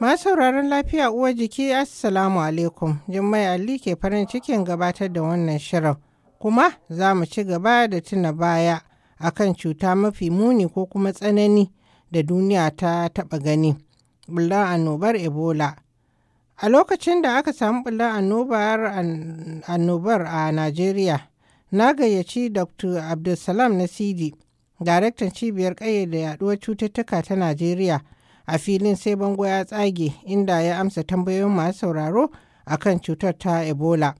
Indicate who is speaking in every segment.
Speaker 1: Masu sauraron lafiya uwa jiki Assalamu alaikum, Jummai Ali ke farin cikin gabatar da wannan shirin. Kuma za mu ci gaba da tuna baya a kan cuta mafi muni ko kuma tsanani da duniya ta taɓa gani. Bulla annobar Ebola. A lokacin da aka samu bulla annobar a Najeriya, na gayyaci Dr. Abdulsalam Nasidi, daraktan cibiyar da yaduwar cututtuka ta Najeriya. a filin sai bango ya tsage inda ya amsa tambayoyin masu sauraro a kan cutar ta ebola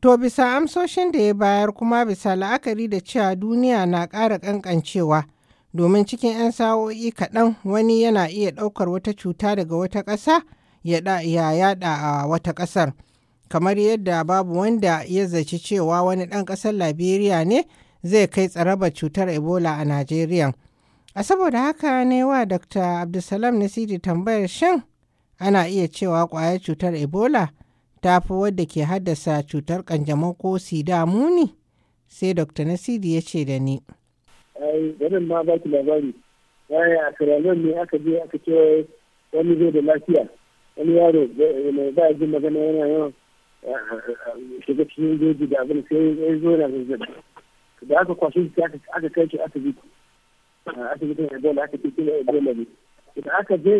Speaker 1: to bisa amsoshin da ya bayar kuma bisa la'akari da cewa duniya na ƙara ƙanƙancewa domin cikin 'yan sa'o'i kaɗan wani yana iya ɗaukar wata cuta daga wata ƙasa ya yada a wata ƙasar kamar yadda babu wanda ya zaci cewa wani ɗan ƙasar liberia ne zai kai tsaraba cutar ebola a najeriya A saboda haka ne wa Dr. Abdulsalam Nasiri tambayar shan ana iya cewa kwayar cutar Ebola ta fi wadda ke haddasa cutar kanjamau ko sida muni? Sai Dr. Nasiri ya ce da ni.
Speaker 2: wannan ba labari. bayan a ne aka je aka ce wani zai da lafiya. Wani yaro mai ba ji magana yana yawan shiga cikin jeji da abin sai ya zo yana zazzabi. Da aka kwashe shi aka kai shi asibiti. asibitin ebola aka cikin ebola ne idan aka je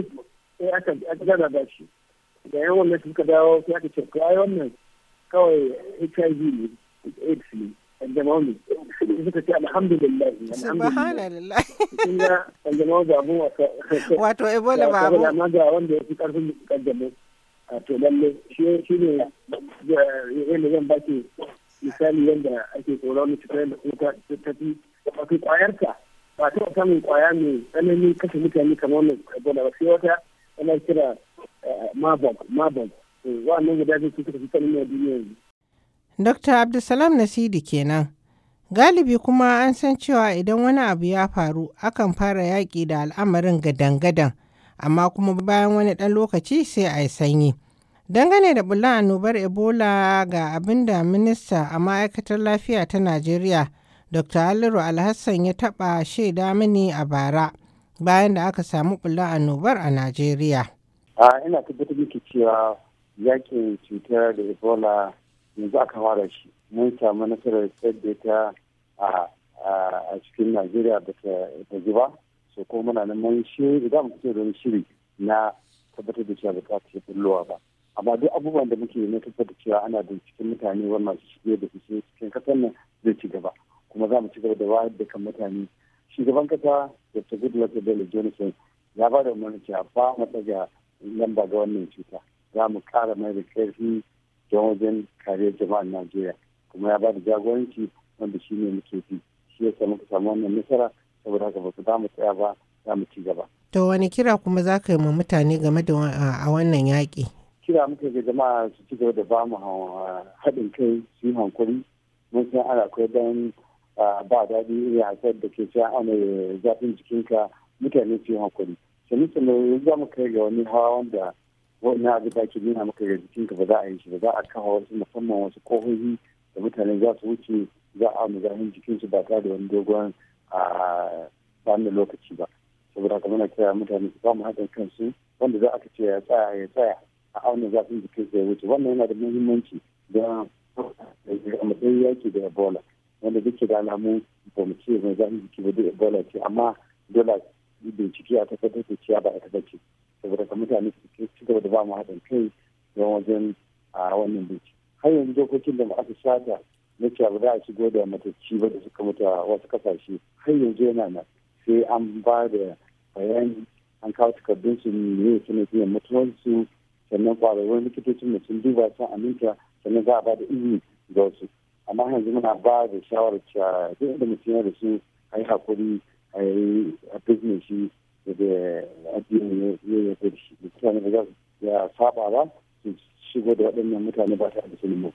Speaker 2: sai aka gaza da shi da yawan da suka dawo sai aka ce kawai wannan kawai hiv ne aids ne kanjamau ne suka ce alhamdulillah subhanallah sun ga ga abun wasa wato ebola ba abu amma ga wanda ya fi karfin kanjamau a to lalle shi shi ne yadda zan baki misali yadda ake tsoron cutar da kuma ta fi kwayarka ba ta min kwaya mai tsananin kashe mutane kamar mai ebola ba sai wata ana kira wa eh, marburg wa'annan guda biyu suka fi tsanani a duniya
Speaker 1: yanzu. dr abdulsalam nasidi kenan galibi kuma an san cewa idan wani abu ya faru akan fara yaƙi da al'amarin gadan-gadan amma kuma bayan wani ɗan lokaci sai a yi sanyi. Dangane da bulan annobar Ebola ga abin da minista a ma'aikatar lafiya ta Najeriya dr aliru alhassan ya taɓa shaida mini a bara bayan da aka samu a annobar a najeriya
Speaker 3: a ina tabbatar miki cewa yakin cutar da ebola yanzu aka fara shi mun samu nasarar da ta a cikin najeriya da ta zuba so ko muna nan mun shiri idan mu ce da shiri na tabbatar da cewa ba ta bullowa ba amma duk abubuwan da muke na tabbatar cewa ana da cikin mutane wannan masu shige da fice cikin kasar nan zai ci gaba kuma za mu ci gaba da wayar da kan mutane shugaban kasa da ta gudu wata bello jonathan ya ba da umarni cewa ba mu tsaga lamba ga wannan cuta za mu kara mai da karfi don wajen kariyar jama'ar najeriya kuma ya ba da jagoranci wanda shi ne muke bi shi ya samu samu wannan nasara saboda haka ba su za mu tsaya ba za mu ci gaba.
Speaker 1: to wani kira kuma za ka yi ma mutane game da a wannan yaƙi.
Speaker 3: kira muka ga jama'a su ci gaba da ba mu haɗin kai su yi hankuri mun san ana akwai dan ba daɗi ya haifar da ke cewa ana zafin jikinka mutane su yi hankali sani sani za mu kai ga wani hawa wanda wani abu da ke nuna maka ga jikinka ba za a yi shi ba za a kawo wasu musamman wasu kohohi da mutane za su wuce za a mu zafin jikinsu ba tare da wani dogon a bani lokaci ba saboda haka muna kira mutane su ba mu haɗin kansu wanda za a ce ya tsaya ya tsaya a auna zafin su ya wuce wannan yana da muhimmanci don a matsayin yaki da ebola wanda duk da alamu ba mu ce mai zaɓi jiki ba ebola ce amma yi bincike a tabbatar da cewa ba a tabbace saboda ka mutane su ci gaba da ba mu haɗin kai don wajen a wannan bincike har yanzu dokokin da aka shata na cewa ba za a shigo da matacci ba da suka mutu a wasu kasashe har yanzu yana nan sai an ba da bayani an kawo takardun su ne suna biyan mutuwansu sannan kwararrun likitocin mutum duba sun aminta sannan za a ba da izini ga wasu amma yanzu muna ba da shawarar cewa duk da mutum da su a yi hakuri a yi a bizne shi da addini ya yi da shi mutane da za su ya saba ba su shigo da waɗannan mutane ba ta da sulmu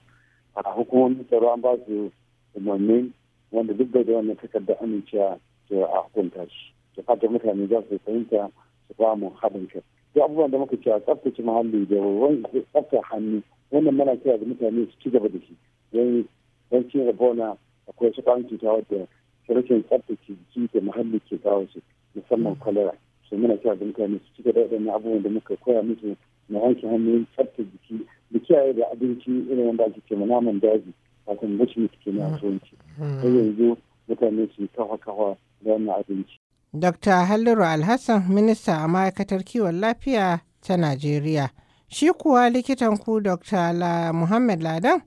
Speaker 3: a hukumomin tsaro an ba su umarni wanda duk bai da wannan takardar amincewa to a hukunta shi da fata mutane za su fahimta su ba mu haɗin kai duk abubuwan da muka cewa tsaftace muhalli da wani tsaftar hannu wannan mana kira da mutane su ci gaba da shi don don cin akwai su ƙwayan cuta wadda rashin tsabtace jiki da muhalli ke kawo su musamman kwalera mm. su muna cewa da mutane su cika da waɗannan abubuwan da muka koya musu na wanke hannun tsabtace jiki da kiyaye da abinci irin wanda ake ce naman daji wato mutum ne ke na mm. turanci
Speaker 2: mm.
Speaker 1: har
Speaker 3: yanzu mutane su kawa kawa da wannan abinci.
Speaker 1: Dr. Halliru Alhassan, Minista a Ma'aikatar Kiwon Lafiya ta Najeriya. Shi kuwa likitan ku Dr. Muhammad Ladan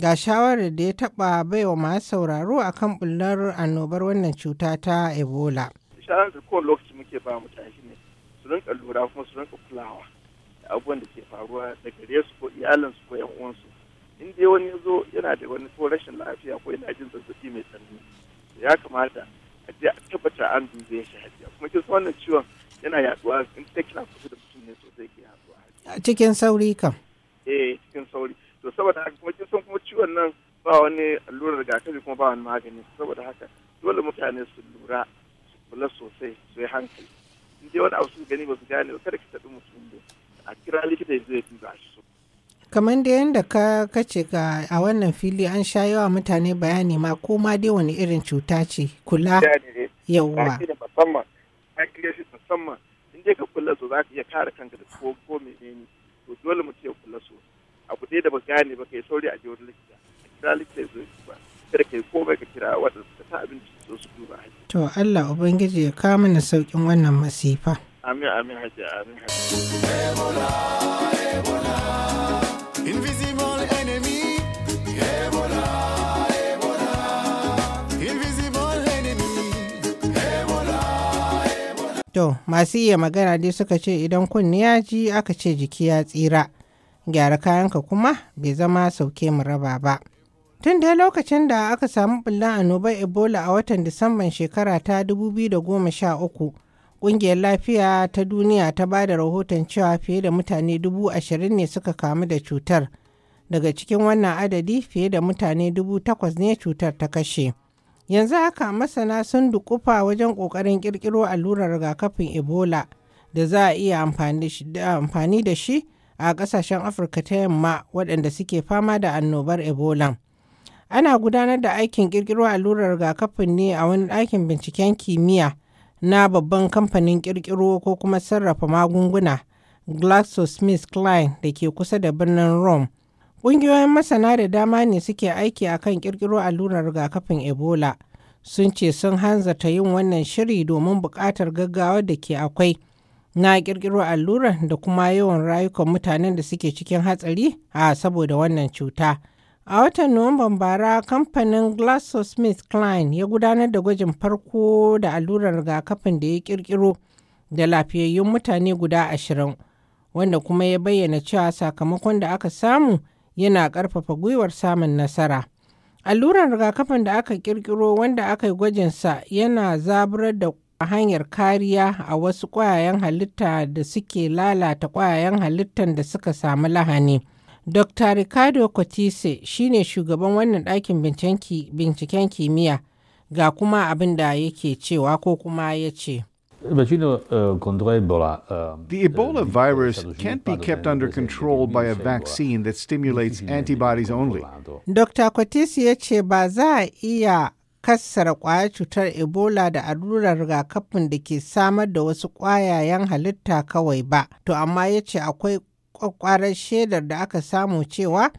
Speaker 1: ga shawarar da ya taɓa baiwa masu sauraro a kan bullar annobar wannan cuta ta ebola
Speaker 2: shawarar da kowane lokaci muke ba mutane ne su rinka lura kuma su rinka kulawa da abubuwan da ke faruwa da gare su ko iyalinsu ko yan uwansu in dai wani ya zo yana da wani ko rashin lafiya ko yana jin zazzabi mai tsanani ya kamata a je a tabbata an dube shi hajiya kuma kin wannan ciwon yana yaduwa in ta kira kusa da
Speaker 1: mutum ne sosai ke yaduwa cikin sauri kam
Speaker 2: eh cikin sauri to saboda haka kuma kin san kuma ciwon nan ba wani allurar rigakafi kuma ba wani magani saboda haka dole mutane su lura su kula sosai su yi hankali in dai wani abu su gani ba su gane ba kada ki taɓi mutum ne a kira likita ya fi ya shi so
Speaker 1: kamar da yadda ka kace ga a wannan fili an sha yawa mutane bayani ma ko ma dai wani irin cuta ce kula yawwa
Speaker 2: musamman shi musamman in dai ka kula so za ka iya kare kanka da ko menene to dole mutum ya kula sosai abu ne da ba gane ba kai sauri a je likita, a kira likita ya zo ba kada kai komai ka kira waɗanda suka ta abinci so su duba
Speaker 1: haji. to Allah ubangiji ya kawo mana saukin wannan masifa.
Speaker 2: amin amin hajji amin hajji.
Speaker 1: To, masu iya magana dai suka ce idan kunni ya ji aka ce jiki ya tsira. gyara kayanka kuma bai zama sauke mu raba ba. Tun da lokacin da aka samu bulla annobar Ebola a watan Disamban shekara ta 2013, ƙungiyar lafiya ta duniya ta ba da rahoton cewa fiye da mutane dubu ashirin ne suka kamu da cutar. Daga cikin wannan adadi fiye da mutane dubu takwas ne cutar ta kashe. Yanzu haka masana sun dukufa wajen ƙoƙarin ƙirƙiro allurar rigakafin Ebola da za a iya amfani da shi a ƙasashen afirka ta yamma waɗanda suke fama da annobar ebola ana gudanar da aikin ƙirƙiro allurar rigakafin ne a wani ɗakin binciken kimiyya na babban kamfanin ƙirƙiro ko kuma sarrafa magunguna GlaxoSmithKline da ke kusa da birnin Rome. Ƙungiyoyin masana da dama ne suke aiki a kan ƙirƙiro allurar rigakafin Ebola. Sun ce sun hanzarta yin wannan shiri domin buƙatar gaggawa da ke akwai na ƙirƙiro allurar da kuma yawan rayukan mutanen da suke cikin hatsari a saboda wannan cuta. A watan Nuwamban bara, kamfanin GlaxoSmithKline ya gudanar da gwajin farko da allurar rigakafin da ya ƙirƙiro da lafiyayyun mutane guda ashirin, wanda kuma ya bayyana cewa sakamakon da aka samu yana ƙarfafa gwiwar samun nasara. Allurar rigakafin da aka ƙirƙiro wanda aka yi gwajinsa yana zaburar da a hanyar kariya a wasu ƙwayayen halitta da suke lalata ƙwayayen halittan da suka samu lahani. Dr. Ricardo Cotise shine shugaban wannan ɗakin binciken kimiyya ga kuma abin da yake cewa ko kuma ya ce.
Speaker 2: Eh, eh, The Ebola eh, virus can't be kept under control by a vaccine that stimulates antibodies only.
Speaker 1: Dr. Kwatis ya ce ba za a iya kassara kwayar cutar ebola da allurar rigakafin da ke samar da wasu ƙwayayen halitta kawai ba to amma ya ce akwai kwakwarar shaidar da aka samu cewa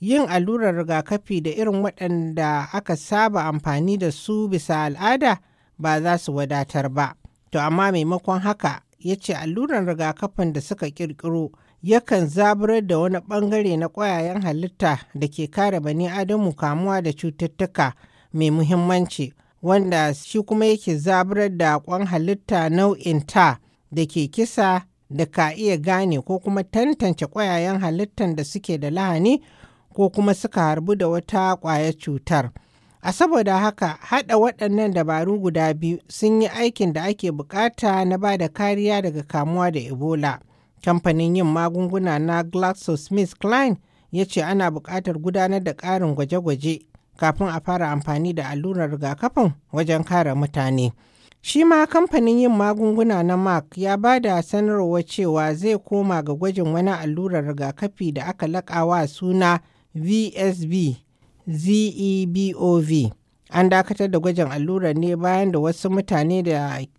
Speaker 1: yin allurar rigakafi da irin waɗanda aka saba amfani da su bisa al'ada ba za su wadatar ba to amma maimakon haka ya ce allurar rigakafin da suka ƙirƙiro yakan zaburar da wani ɓangare na ƙwayayen halitta da ke kare bani adamu kamuwa da cututtuka mai muhimmanci wanda shi kuma yake zaburar da kwan halitta nau'in ta da ke kisa da ka iya gane ko kuma tantance ƙwayayen halittan da suke da lahani ko kuma suka harbu da wata ƙwayar cutar. A saboda haka haɗa waɗannan dabaru guda biyu sun yi aikin da ake bukata na ba da kariya daga kamuwa da Ebola. Kamfanin yin magunguna na GlaxoSmithKline ya ce ana bukatar gudanar da ƙarin gwaje-gwaje kafin a fara amfani da allurar rigakafin wajen kare mutane. Shi ma kamfanin yin magunguna na Mark ya ba da sanarwa cewa zai koma ga gwajin wani allurar rigakafi da aka laƙawa suna vsb ZEBOV. An dakatar da gwajin allurar ne bayan da wasu mutane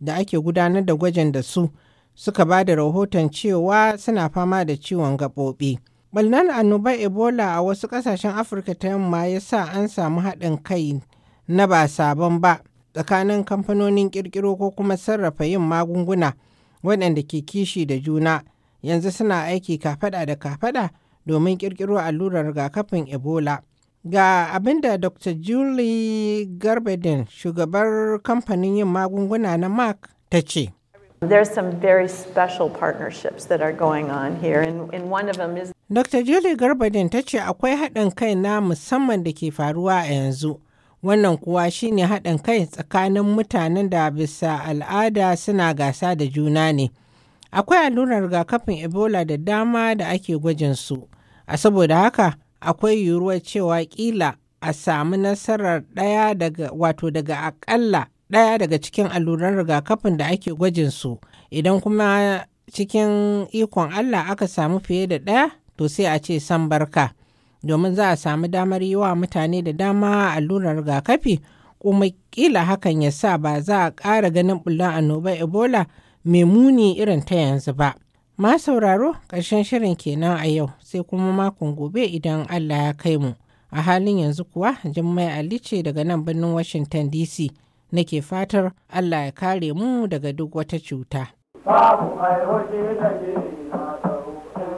Speaker 1: da ake gudanar da gwajin da su suka ba da rahoton cewa suna fama da ciwon gaɓoɓi. Balnan annobar Ebola a wasu ƙasashen Afirka ta yamma ya sa an samu haɗin kai na ba sabon ba tsakanin kamfanonin ƙirƙiro ko kuma sarrafa yin magunguna waɗanda ke kishi da juna yanzu suna aiki kafaɗa da kafaɗa domin ƙirƙiro allurar rigakafin Ebola. Ga abin da Dr. Julie Garbedin, shugabar kamfanin yin magunguna na Mark, ta ce.
Speaker 3: are some very special partnerships that are going on here, and one of them is
Speaker 1: Dr. Julie Garbadin ta ce akwai haɗin kai na musamman da ke faruwa a yanzu. Wannan kuwa shine haɗin kai tsakanin mutanen da bisa al'ada suna gasa da juna ne. Akwai allurar rigakafin Ebola da dama da ake gwajin su. A saboda haka akwai yiwuwar cewa ƙila a samu nasarar ɗaya daga wato daga aƙalla ɗaya daga cikin allurar rigakafin da ake gwajin su idan kuma cikin ikon Allah aka samu fiye da ɗaya to sai a ce san barka domin za a samu damar yi wa mutane da dama allurar rigakafi kuma kila hakan ya sa ba za a ƙara ganin bullon annoba ebola mai muni irin ta yanzu ba ma sauraro ƙarshen shirin kenan a yau sai kuma makon gobe idan allah ya kai mu a halin yanzu kuwa jimmai ali ce daga nan birnin washington dc nake fatar allah ya kare mu daga duk wata cuta Babu